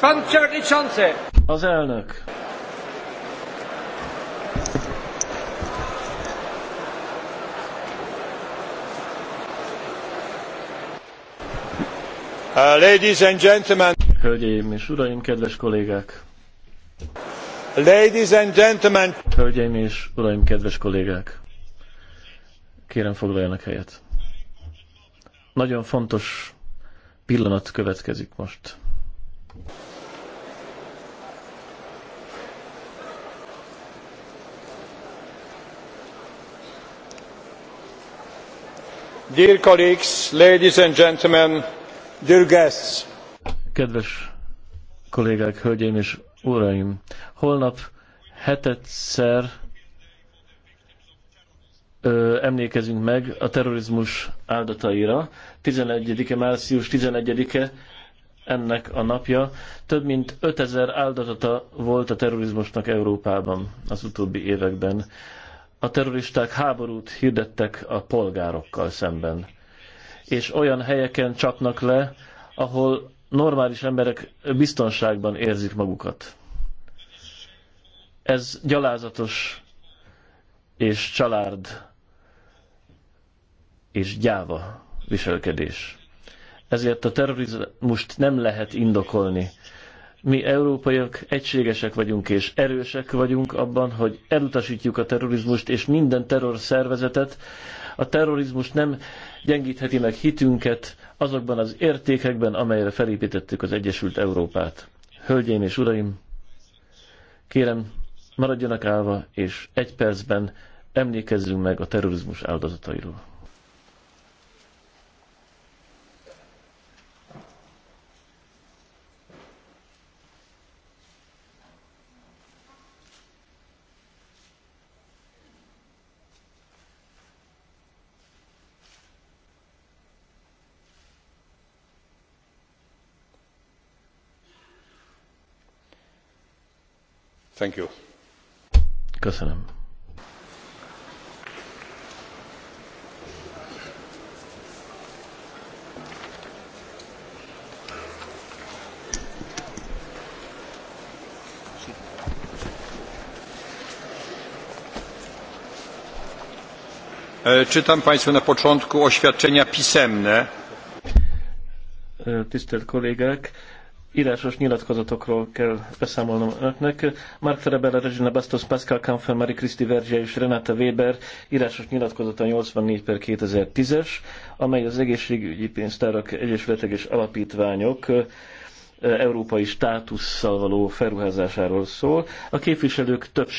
Pan Przewodniczący! Az elnök. Uh, ladies and gentlemen. Hölgyeim és uraim, kedves kollégák. Ladies and gentlemen. Hölgyeim és uraim, kedves kollégák. Kérem foglaljanak helyet. Nagyon fontos pillanat következik most. Dear colleagues, ladies and gentlemen, dear guests. Kedves kollégák, hölgyeim és uraim! Holnap hetedszer ö, emlékezünk meg a terrorizmus áldataira. 11. március 11-e ennek a napja. Több mint 5000 áldozata volt a terrorizmusnak Európában az utóbbi években. A terroristák háborút hirdettek a polgárokkal szemben. És olyan helyeken csapnak le, ahol normális emberek biztonságban érzik magukat. Ez gyalázatos és család és gyáva viselkedés. Ezért a terrorizmust nem lehet indokolni. Mi európaiak egységesek vagyunk és erősek vagyunk abban, hogy elutasítjuk a terrorizmust és minden terrorszervezetet. A terrorizmus nem gyengítheti meg hitünket azokban az értékekben, amelyre felépítettük az Egyesült Európát. Hölgyeim és uraim, kérem, maradjanak állva, és egy percben emlékezzünk meg a terrorizmus áldozatairól. Thank you. Köszönöm. E, czytam Państwu na początku oświadczenia pisemne. E, tisztelt kollégák, írásos nyilatkozatokról kell beszámolnom önöknek. Mark Ferebella, Regina Bastos, Pascal Kampfer, Marie Kriszti Vergia és Renata Weber írásos nyilatkozata 84 per 2010-es, amely az egészségügyi pénztárak egyesületek és alapítványok európai státusszal való felruházásáról szól. A képviselők többsége